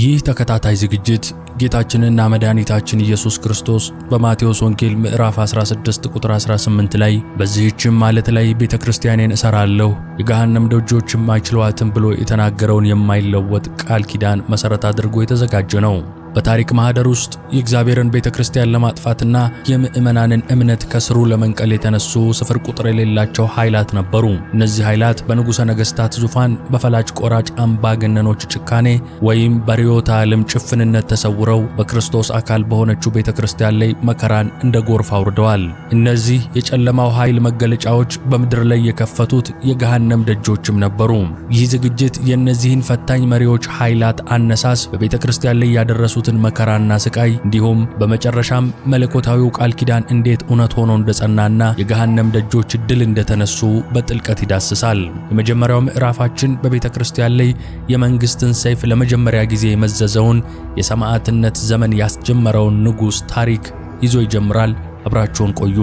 ይህ ተከታታይ ዝግጅት ጌታችንና መድኃኒታችን ኢየሱስ ክርስቶስ በማቴዎስ ወንጌል ምዕራፍ 16 ቁጥር 18 ላይ በዚህችም ዓለት ላይ ቤተ ክርስቲያኔን እሰራለሁ የገሃነም ደጆችም አይችሏትም ብሎ የተናገረውን የማይለወጥ ቃል ኪዳን መሠረት አድርጎ የተዘጋጀ ነው። በታሪክ ማህደር ውስጥ የእግዚአብሔርን ቤተ ክርስቲያን ለማጥፋትና የምዕመናንን እምነት ከስሩ ለመንቀል የተነሱ ስፍር ቁጥር የሌላቸው ኃይላት ነበሩ። እነዚህ ኃይላት በንጉሠ ነገሥታት ዙፋን በፈላጭ ቆራጭ አምባገነኖች ጭካኔ ወይም በርዕዮተ ዓለም ጭፍንነት ተሰውረው በክርስቶስ አካል በሆነችው ቤተ ክርስቲያን ላይ መከራን እንደ ጎርፍ አውርደዋል። እነዚህ የጨለማው ኃይል መገለጫዎች በምድር ላይ የከፈቱት የገሃነም ደጆችም ነበሩ። ይህ ዝግጅት የእነዚህን ፈታኝ መሪዎች ኃይላት አነሳስ በቤተ ክርስቲያን ላይ ያደረሱ የሚደርሱትን መከራና ስቃይ እንዲሁም በመጨረሻም መለኮታዊው ቃል ኪዳን እንዴት እውነት ሆኖ እንደጸናና የገሃነም ደጆች ድል እንደተነሱ በጥልቀት ይዳስሳል። የመጀመሪያው ምዕራፋችን በቤተ ክርስቲያን ላይ የመንግስትን ሰይፍ ለመጀመሪያ ጊዜ የመዘዘውን የሰማዕትነት ዘመን ያስጀመረውን ንጉሥ ታሪክ ይዞ ይጀምራል። አብራችሁን ቆዩ።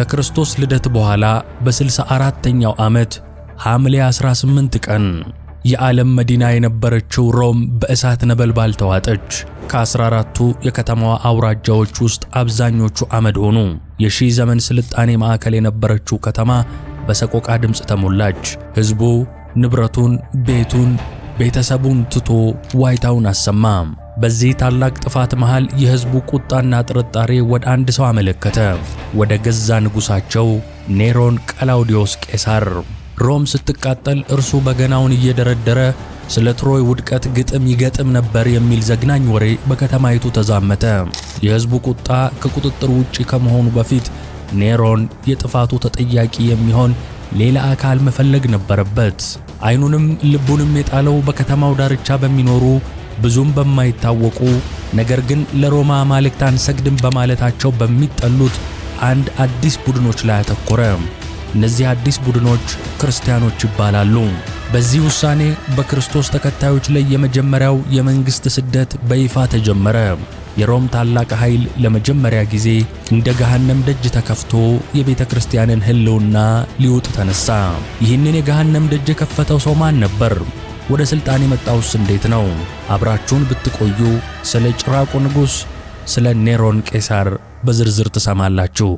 ከክርስቶስ ልደት በኋላ በ64ኛው ዓመት ሐምሌ 18 ቀን የዓለም መዲና የነበረችው ሮም በእሳት ነበልባል ተዋጠች። ከ14ቱ የከተማዋ አውራጃዎች ውስጥ አብዛኞቹ አመድ ሆኑ። የሺህ ዘመን ስልጣኔ ማዕከል የነበረችው ከተማ በሰቆቃ ድምፅ ተሞላች። ሕዝቡ ንብረቱን፣ ቤቱን፣ ቤተሰቡን ትቶ ዋይታውን አሰማ። በዚህ ታላቅ ጥፋት መሃል የሕዝቡ ቁጣና ጥርጣሬ ወደ አንድ ሰው አመለከተ፣ ወደ ገዛ ንጉሣቸው ኔሮን ቀላውዲዮስ ቄሳር። ሮም ስትቃጠል እርሱ በገናውን እየደረደረ ስለ ትሮይ ውድቀት ግጥም ይገጥም ነበር የሚል ዘግናኝ ወሬ በከተማይቱ ተዛመተ። የሕዝቡ ቁጣ ከቁጥጥር ውጪ ከመሆኑ በፊት ኔሮን የጥፋቱ ተጠያቂ የሚሆን ሌላ አካል መፈለግ ነበረበት። ዓይኑንም ልቡንም የጣለው በከተማው ዳርቻ በሚኖሩ ብዙም በማይታወቁ ነገር ግን ለሮማ አማልክት አንሰግድም በማለታቸው በሚጠሉት አንድ አዲስ ቡድኖች ላይ አተኮረ። እነዚህ አዲስ ቡድኖች ክርስቲያኖች ይባላሉ። በዚህ ውሳኔ በክርስቶስ ተከታዮች ላይ የመጀመሪያው የመንግሥት ስደት በይፋ ተጀመረ። የሮም ታላቅ ኃይል ለመጀመሪያ ጊዜ እንደ ገሃነም ደጅ ተከፍቶ የቤተ ክርስቲያንን ሕልውና ሊውጥ ተነሳ። ይህንን የገሃነም ደጅ የከፈተው ሰው ማን ነበር? ወደ ሥልጣን የመጣውስ እንዴት ነው? አብራችሁን ብትቆዩ ስለ ጭራቁ ንጉሥ ስለ ኔሮን ቄሳር በዝርዝር ትሰማላችሁ።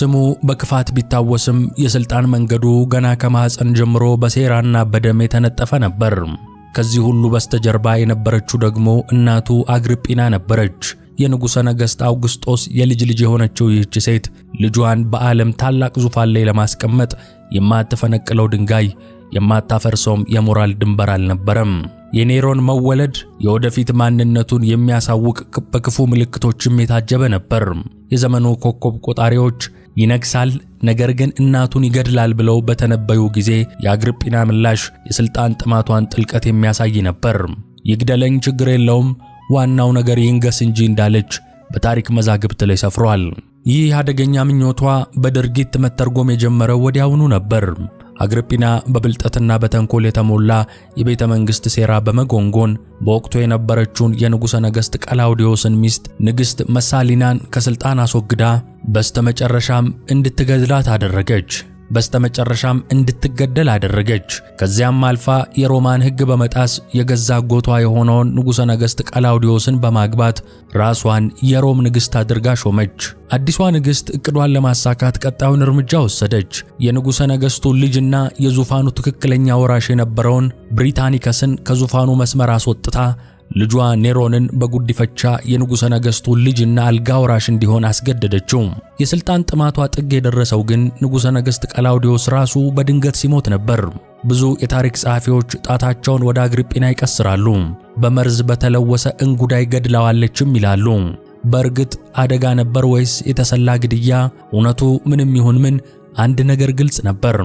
ስሙ በክፋት ቢታወስም የሥልጣን መንገዱ ገና ከማኅፀን ጀምሮ በሴራና በደም የተነጠፈ ነበር። ከዚህ ሁሉ በስተጀርባ የነበረችው ደግሞ እናቱ አግሪጲና ነበረች። የንጉሠ ነገሥት አውግስጦስ የልጅ ልጅ የሆነችው ይህች ሴት ልጇን በዓለም ታላቅ ዙፋን ላይ ለማስቀመጥ የማትፈነቅለው ድንጋይ የማታፈርሰውም የሞራል ድንበር አልነበረም። የኔሮን መወለድ የወደፊት ማንነቱን የሚያሳውቅ በክፉ ምልክቶችም የታጀበ ነበር። የዘመኑ ኮከብ ቆጣሪዎች ይነግሳል! ነገር ግን እናቱን ይገድላል ብለው በተነበዩ ጊዜ የአግርጲና ምላሽ የሥልጣን ጥማቷን ጥልቀት የሚያሳይ ነበር። ይግደለኝ፣ ችግር የለውም ዋናው ነገር ይንገስ እንጂ እንዳለች በታሪክ መዛግብት ላይ ሰፍሯል። ይህ አደገኛ ምኞቷ በድርጊት መተርጎም የጀመረው ወዲያውኑ ነበር። አግሪጲና በብልጠትና በተንኮል የተሞላ የቤተ መንግሥት ሴራ በመጎንጎን በወቅቱ የነበረችውን የንጉሠ ነገሥት ቀላውዲዮስን ሚስት ንግሥት መሳሊናን ከሥልጣን አስወግዳ በስተመጨረሻም እንድትገድላት አደረገች። በስተመጨረሻም እንድትገደል አደረገች። ከዚያም አልፋ የሮማን ሕግ በመጣስ የገዛ አጎቷ የሆነውን ንጉሠ ነገሥት ቀላውዲዮስን በማግባት ራሷን የሮም ንግሥት አድርጋ ሾመች። አዲሷ ንግሥት እቅዷን ለማሳካት ቀጣዩን እርምጃ ወሰደች። የንጉሠ ነገሥቱን ልጅና የዙፋኑ ትክክለኛ ወራሽ የነበረውን ብሪታኒከስን ከዙፋኑ መስመር አስወጥታ ልጇ ኔሮንን በጉዲፈቻ የንጉሠ ነገሥቱ ልጅና አልጋ እንዲሆን አስገደደችው። የሥልጣን ጥማቷ ጥግ የደረሰው ግን ንጉሠ ነገሥት ቀላውዲዮስ ራሱ በድንገት ሲሞት ነበር። ብዙ የታሪክ ጸሐፊዎች ጣታቸውን ወደ አግሪጲና ይቀስራሉ። በመርዝ በተለወሰ እንጉዳይ ገድለዋለችም ይላሉ። በእርግጥ አደጋ ነበር ወይስ የተሰላ ግድያ? እውነቱ ምንም ይሁን ምን አንድ ነገር ግልጽ ነበር።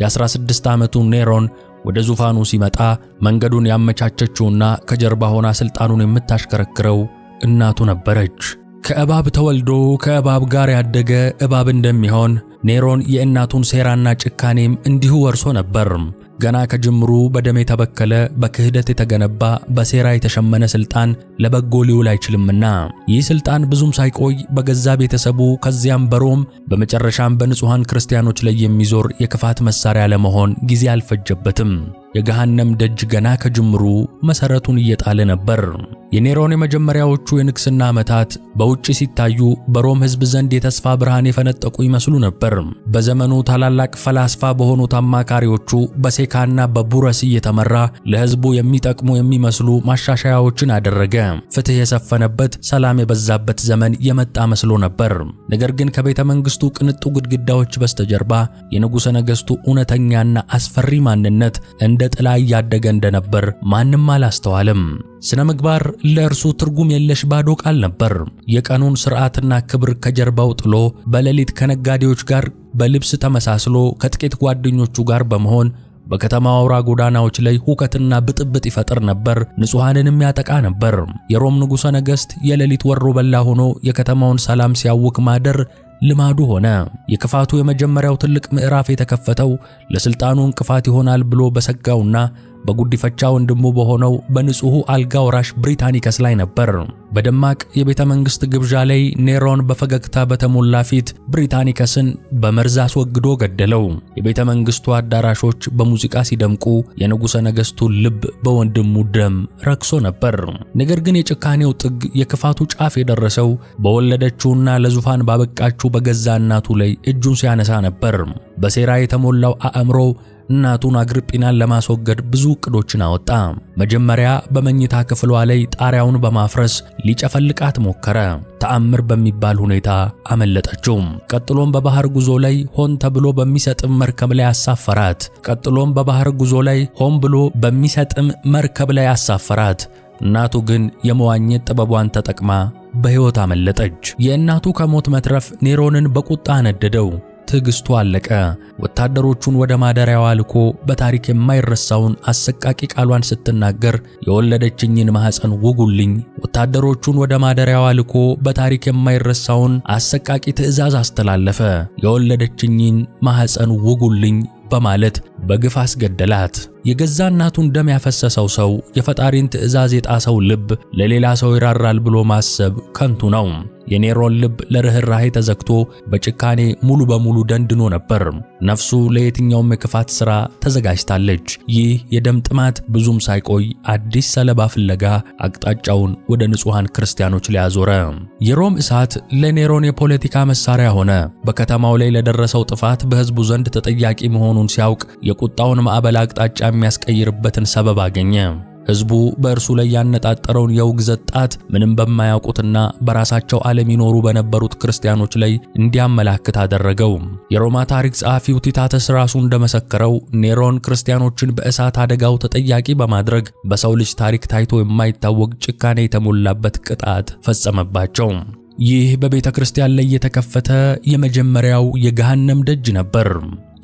የ16 ዓመቱ ኔሮን ወደ ዙፋኑ ሲመጣ መንገዱን ያመቻቸችውና ከጀርባ ሆና ሥልጣኑን የምታሽከረክረው እናቱ ነበረች። ከእባብ ተወልዶ ከእባብ ጋር ያደገ እባብ እንደሚሆን ኔሮን የእናቱን ሴራና ጭካኔም እንዲሁ ወርሶ ነበር። ገና ከጅምሩ በደም የተበከለ በክህደት የተገነባ በሴራ የተሸመነ ስልጣን ለበጎ ሊውል አይችልምና ይህ ስልጣን ብዙም ሳይቆይ በገዛ ቤተሰቡ ከዚያም በሮም በመጨረሻም በንጹሐን ክርስቲያኖች ላይ የሚዞር የክፋት መሳሪያ ለመሆን ጊዜ አልፈጀበትም። የገሃነም ደጅ ገና ከጅምሩ መሠረቱን እየጣለ ነበር። የኔሮን የመጀመሪያዎቹ የንግሥና ዓመታት በውጭ ሲታዩ በሮም ሕዝብ ዘንድ የተስፋ ብርሃን የፈነጠቁ ይመስሉ ነበር። በዘመኑ ታላላቅ ፈላስፋ በሆኑት አማካሪዎቹ በሴካና በቡረስ እየተመራ ለሕዝቡ የሚጠቅሙ የሚመስሉ ማሻሻያዎችን አደረገ። ፍትሕ የሰፈነበት፣ ሰላም የበዛበት ዘመን የመጣ መስሎ ነበር። ነገር ግን ከቤተ መንግሥቱ ቅንጡ ግድግዳዎች በስተጀርባ የንጉሠ ነገሥቱ እውነተኛና አስፈሪ ማንነት እንደ እንደ ጥላ እያደገ እንደነበር ማንም አላስተዋልም። ስነ ምግባር ለእርሱ ትርጉም የለሽ ባዶ ቃል ነበር። የቀኑን ሥርዓትና ክብር ከጀርባው ጥሎ በሌሊት ከነጋዴዎች ጋር በልብስ ተመሳስሎ ከጥቂት ጓደኞቹ ጋር በመሆን በከተማ አውራ ጎዳናዎች ላይ ሁከትና ብጥብጥ ይፈጥር ነበር፣ ንጹሐንንም ያጠቃ ነበር። የሮም ንጉሠ ነገሥት የሌሊት ወሮ በላ ሆኖ የከተማውን ሰላም ሲያውክ ማደር ልማዱ ሆነ። የክፋቱ የመጀመሪያው ትልቅ ምዕራፍ የተከፈተው ለስልጣኑ እንቅፋት ይሆናል ብሎ በሰጋውና በጉዲፈቻ ወንድሙ በሆነው በንጹሑ አልጋ ወራሽ ብሪታኒከስ ላይ ነበር። በደማቅ የቤተ መንግሥት ግብዣ ላይ ኔሮን በፈገግታ በተሞላ ፊት ብሪታኒከስን በመርዝ አስወግዶ ገደለው። የቤተ መንግሥቱ አዳራሾች በሙዚቃ ሲደምቁ፣ የንጉሠ ነገሥቱ ልብ በወንድሙ ደም ረክሶ ነበር። ነገር ግን የጭካኔው ጥግ፣ የክፋቱ ጫፍ የደረሰው በወለደችውና ለዙፋን ባበቃችው በገዛ እናቱ ላይ እጁን ሲያነሳ ነበር። በሴራ የተሞላው አእምሮ እናቱን አግሪጲናን ለማስወገድ ብዙ እቅዶችን አወጣ። መጀመሪያ በመኝታ ክፍሏ ላይ ጣሪያውን በማፍረስ ሊጨፈልቃት ሞከረ። ተአምር በሚባል ሁኔታ አመለጠችው። ቀጥሎም በባህር ጉዞ ላይ ሆን ተብሎ በሚሰጥም መርከብ ላይ አሳፈራት። ቀጥሎም በባህር ጉዞ ላይ ሆን ብሎ በሚሰጥም መርከብ ላይ አሳፈራት። እናቱ ግን የመዋኘት ጥበቧን ተጠቅማ በሕይወት አመለጠች። የእናቱ ከሞት መትረፍ ኔሮንን በቁጣ ነደደው። ትዕግስቱ አለቀ። ወታደሮቹን ወደ ማደሪያዋ ልኮ በታሪክ የማይረሳውን አሰቃቂ ቃሏን ስትናገር የወለደችኝን ማኅፀን ውጉልኝ። ወታደሮቹን ወደ ማደሪያዋ ልኮ በታሪክ የማይረሳውን አሰቃቂ ትዕዛዝ አስተላለፈ። የወለደችኝን ማኅፀን ውጉልኝ በማለት በግፍ አስገደላት። የገዛ እናቱን ደም ያፈሰሰው ሰው የፈጣሪን ትእዛዝ የጣሰው ልብ ለሌላ ሰው ይራራል ብሎ ማሰብ ከንቱ ነው። የኔሮን ልብ ለርኅራኄ ተዘግቶ በጭካኔ ሙሉ በሙሉ ደንድኖ ነበር። ነፍሱ ለየትኛውም የክፋት ሥራ ተዘጋጅታለች። ይህ የደም ጥማት ብዙም ሳይቆይ አዲስ ሰለባ ፍለጋ አቅጣጫውን ወደ ንጹሐን ክርስቲያኖች ላይ የሮም እሳት ለኔሮን የፖለቲካ መሳሪያ ሆነ። በከተማው ላይ ለደረሰው ጥፋት በሕዝቡ ዘንድ ተጠያቂ መሆኑን ሲያውቅ የቁጣውን ማዕበል አቅጣጫ የሚያስቀይርበትን ሰበብ አገኘ። ሕዝቡ በእርሱ ላይ ያነጣጠረውን የውግዘት ጣት ምንም በማያውቁትና በራሳቸው ዓለም ይኖሩ በነበሩት ክርስቲያኖች ላይ እንዲያመላክት አደረገው። የሮማ ታሪክ ጸሐፊው ቲታተስ ራሱ እንደመሰከረው ኔሮን ክርስቲያኖችን በእሳት አደጋው ተጠያቂ በማድረግ በሰው ልጅ ታሪክ ታይቶ የማይታወቅ ጭካኔ የተሞላበት ቅጣት ፈጸመባቸው። ይህ በቤተ ክርስቲያን ላይ የተከፈተ የመጀመሪያው የገሃነም ደጅ ነበር።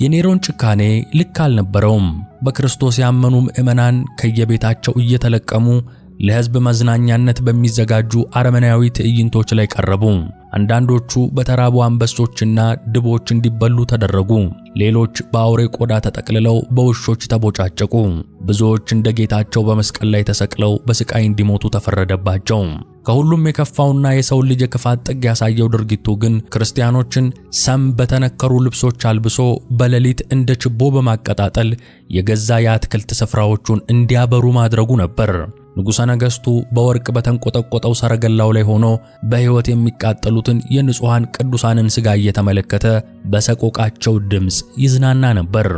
የኔሮን ጭካኔ ልክ አልነበረውም። በክርስቶስ ያመኑ ምዕመናን ከየቤታቸው እየተለቀሙ ለሕዝብ መዝናኛነት በሚዘጋጁ አረመናዊ ትዕይንቶች ላይ ቀረቡ። አንዳንዶቹ በተራቡ አንበሶችና ድቦች እንዲበሉ ተደረጉ። ሌሎች በአውሬ ቆዳ ተጠቅልለው በውሾች ተቦጫጨቁ። ብዙዎች እንደ ጌታቸው በመስቀል ላይ ተሰቅለው በስቃይ እንዲሞቱ ተፈረደባቸው። ከሁሉም የከፋውና የሰው ልጅ የክፋት ጥግ ያሳየው ድርጊቱ ግን ክርስቲያኖችን ሰም በተነከሩ ልብሶች አልብሶ በሌሊት እንደ ችቦ በማቀጣጠል የገዛ የአትክልት ስፍራዎቹን እንዲያበሩ ማድረጉ ነበር። ንጉሠ ነገሥቱ በወርቅ በተንቆጠቆጠው ሰረገላው ላይ ሆኖ በሕይወት የሚቃጠሉትን የንጹሐን ቅዱሳንን ሥጋ እየተመለከተ በሰቆቃቸው ድምፅ ይዝናና ነበር።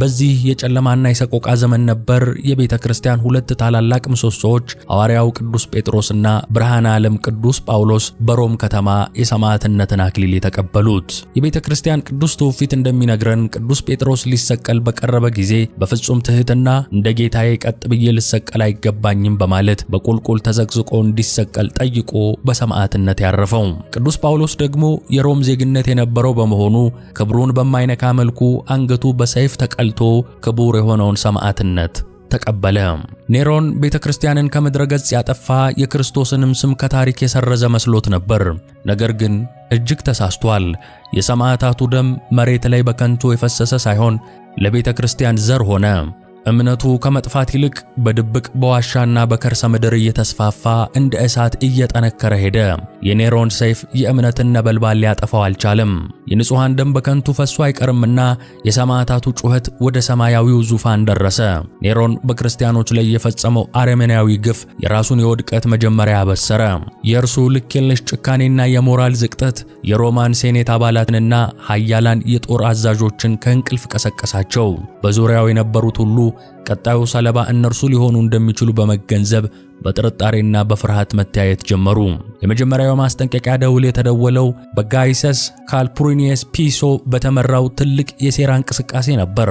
በዚህ የጨለማና የሰቆቃ ዘመን ነበር የቤተ ክርስቲያን ሁለት ታላላቅ ምሰሶዎች ሐዋርያው ቅዱስ ጴጥሮስና ብርሃነ ዓለም ቅዱስ ጳውሎስ በሮም ከተማ የሰማዕትነትን አክሊል የተቀበሉት። የቤተ ክርስቲያን ቅዱስ ትውፊት እንደሚነግረን ቅዱስ ጴጥሮስ ሊሰቀል በቀረበ ጊዜ በፍጹም ትሕትና እንደ ጌታዬ ቀጥ ብዬ ልሰቀል አይገባኝም በማለት በቁልቁል ተዘቅዝቆ እንዲሰቀል ጠይቆ በሰማዕትነት ያረፈው። ቅዱስ ጳውሎስ ደግሞ የሮም ዜግነት የነበረው በመሆኑ ክብሩን በማይነካ መልኩ አንገቱ በሰይፍ ተቀ ቀልቶ ክቡር የሆነውን ሰማዕትነት ተቀበለ። ኔሮን ቤተ ክርስቲያንን ከምድረ ገጽ ያጠፋ የክርስቶስንም ስም ከታሪክ የሰረዘ መስሎት ነበር። ነገር ግን እጅግ ተሳስቷል። የሰማዕታቱ ደም መሬት ላይ በከንቱ የፈሰሰ ሳይሆን ለቤተ ክርስቲያን ዘር ሆነ። እምነቱ ከመጥፋት ይልቅ በድብቅ በዋሻና በከርሰ ምድር እየተስፋፋ እንደ እሳት እየጠነከረ ሄደ። የኔሮን ሰይፍ የእምነትን ነበልባል ሊያጠፋው አልቻለም። የንጹሐን ደም በከንቱ ፈሶ አይቀርምና የሰማዕታቱ ጩኸት ወደ ሰማያዊው ዙፋን ደረሰ። ኔሮን በክርስቲያኖች ላይ የፈጸመው አረመናዊ ግፍ የራሱን የውድቀት መጀመሪያ አበሰረ። የእርሱ ልክ የለሽ ጭካኔና የሞራል ዝቅጠት የሮማን ሴኔት አባላትንና ኃያላን የጦር አዛዦችን ከእንቅልፍ ቀሰቀሳቸው። በዙሪያው የነበሩት ሁሉ ቀጣዩ ሰለባ እነርሱ ሊሆኑ እንደሚችሉ በመገንዘብ በጥርጣሬና በፍርሃት መተያየት ጀመሩ። የመጀመሪያው ማስጠንቀቂያ ደውል የተደወለው በጋይሰስ ካልፑሪኒየስ ፒሶ በተመራው ትልቅ የሴራ እንቅስቃሴ ነበር።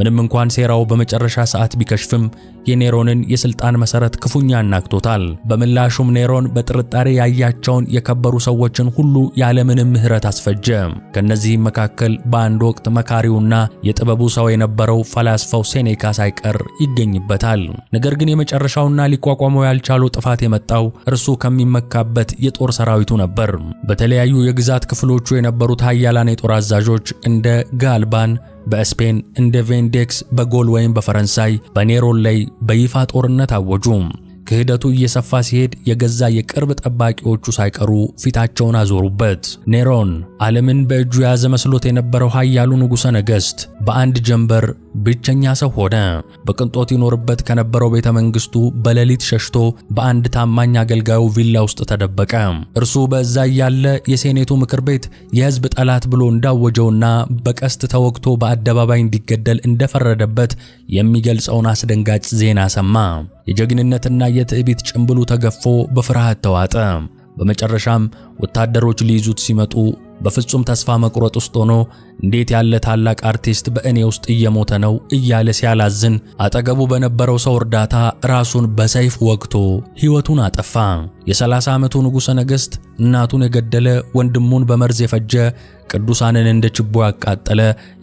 ምንም እንኳን ሴራው በመጨረሻ ሰዓት ቢከሽፍም የኔሮንን የሥልጣን መሠረት ክፉኛ አናግቶታል። በምላሹም ኔሮን በጥርጣሬ ያያቸውን የከበሩ ሰዎችን ሁሉ ያለምንም ምሕረት አስፈጀ። ከእነዚህም መካከል በአንድ ወቅት መካሪውና የጥበቡ ሰው የነበረው ፈላስፋው ሴኔካ ሳይቀር ይገኝበታል። ነገር ግን የመጨረሻውና ሊቋቋመው ያልቻለው ጥፋት የመጣው እርሱ ከሚመካበት የጦር ሰራዊቱ ነበር። በተለያዩ የግዛት ክፍሎቹ የነበሩት ኃያላን የጦር አዛዦች እንደ ጋልባን በስፔን እንደ ቬንዴክስ በጎል ወይም በፈረንሳይ በኔሮን ላይ በይፋ ጦርነት አወጁ። ክህደቱ እየሰፋ ሲሄድ የገዛ የቅርብ ጠባቂዎቹ ሳይቀሩ ፊታቸውን አዞሩበት። ኔሮን ዓለምን በእጁ የያዘ መስሎት የነበረው ኃያሉ ንጉሠ ነገሥት በአንድ ጀንበር ብቸኛ ሰው ሆነ። በቅንጦት ይኖርበት ከነበረው ቤተ መንግስቱ በሌሊት ሸሽቶ በአንድ ታማኝ አገልጋዩ ቪላ ውስጥ ተደበቀ። እርሱ በዛ እያለ የሴኔቱ ምክር ቤት የህዝብ ጠላት ብሎ እንዳወጀውና በቀስት ተወግቶ በአደባባይ እንዲገደል እንደፈረደበት የሚገልጸውን አስደንጋጭ ዜና ሰማ። የጀግንነትና የትዕቢት ጭምብሉ ተገፎ በፍርሃት ተዋጠ። በመጨረሻም ወታደሮች ሊይዙት ሲመጡ በፍጹም ተስፋ መቁረጥ ውስጥ ሆኖ እንዴት ያለ ታላቅ አርቲስት በእኔ ውስጥ እየሞተ ነው እያለ ሲያላዝን አጠገቡ በነበረው ሰው እርዳታ ራሱን በሰይፍ ወግቶ ሕይወቱን አጠፋ። የ30 ዓመቱ ንጉሠ ነገሥት እናቱን የገደለ፣ ወንድሙን በመርዝ የፈጀ፣ ቅዱሳንን እንደ ችቦ ያቃጠለ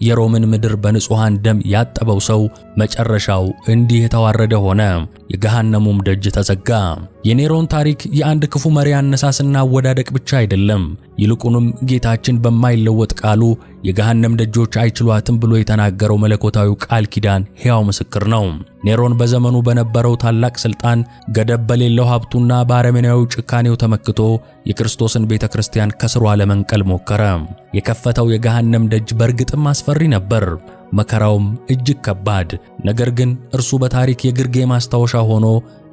የሮምን ምድር በንጹሐን ደም ያጠበው ሰው መጨረሻው እንዲህ የተዋረደ ሆነ፣ የገሃነሙም ደጅ ተዘጋ። የኔሮን ታሪክ የአንድ ክፉ መሪ አነሳስና አወዳደቅ ብቻ አይደለም፤ ይልቁንም ጌታችን በማይለወጥ ቃሉ የገሃነም ደጆች አይችሏትም ብሎ የተናገረው መለኮታዊው ቃል ኪዳን ሕያው ምስክር ነው። ኔሮን በዘመኑ በነበረው ታላቅ ሥልጣን ገደብ በሌለው ሀብቱና በአረመኔያዊ ጭካኔው ተመክቶ የክርስቶስን ቤተ ክርስቲያን ከስሯ ለመንቀል ሞከረ። የከፈተው የገሃነም ደጅ በእርግጥም አስፈሪ ነበር፣ መከራውም እጅግ ከባድ። ነገር ግን እርሱ በታሪክ የግርጌ ማስታወሻ ሆኖ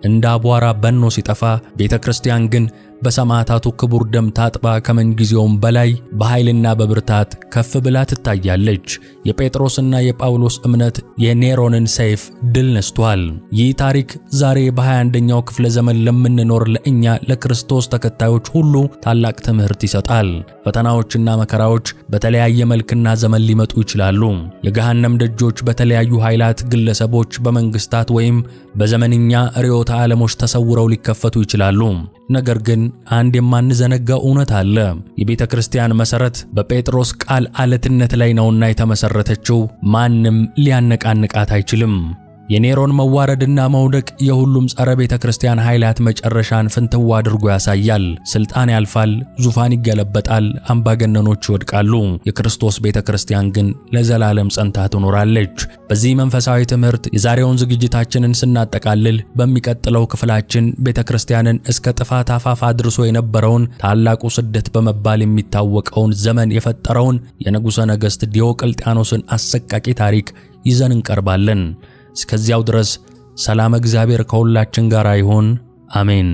እንደ አቧራ በኖ ሲጠፋ፣ ቤተ ክርስቲያን ግን በሰማዕታቱ ክቡር ደም ታጥባ ከምንጊዜውም በላይ በኃይልና በብርታት ከፍ ብላ ትታያለች። የጴጥሮስና የጳውሎስ እምነት የኔሮንን ሰይፍ ድል ነስቷል። ይህ ታሪክ ዛሬ በ21ኛው ክፍለ ዘመን ለምንኖር ለእኛ ለክርስቶስ ተከታዮች ሁሉ ታላቅ ትምህርት ይሰጣል። ፈተናዎችና መከራዎች በተለያየ መልክና ዘመን ሊመጡ ይችላሉ። የገሃነም ደጆች በተለያዩ ኃይላት፣ ግለሰቦች፣ በመንግስታት ወይም በዘመንኛ ርዕዮተ ርዕዮተ ዓለሞች ተሰውረው ሊከፈቱ ይችላሉ። ነገር ግን አንድ የማንዘነጋው እውነት አለ። የቤተ ክርስቲያን መሠረት በጴጥሮስ ቃል አለትነት ላይ ነውና የተመሠረተችው ማንም ሊያነቃንቃት አይችልም። የኔሮን መዋረድና መውደቅ የሁሉም ጸረ ቤተ ክርስቲያን ኃይላት መጨረሻን ፍንትዋ አድርጎ ያሳያል። ስልጣን ያልፋል፣ ዙፋን ይገለበጣል፣ አምባገነኖች ይወድቃሉ። የክርስቶስ ቤተ ክርስቲያን ግን ለዘላለም ጸንታ ትኖራለች። በዚህ መንፈሳዊ ትምህርት የዛሬውን ዝግጅታችንን ስናጠቃልል በሚቀጥለው ክፍላችን ቤተ ክርስቲያንን እስከ ጥፋት አፋፍ አድርሶ የነበረውን ታላቁ ስደት በመባል የሚታወቀውን ዘመን የፈጠረውን የንጉሠ ነገሥት ዲዮቅልጥያኖስን አሰቃቂ ታሪክ ይዘን እንቀርባለን። እስከዚያው ድረስ ሰላም እግዚአብሔር ከሁላችን ጋር ይሁን። አሜን።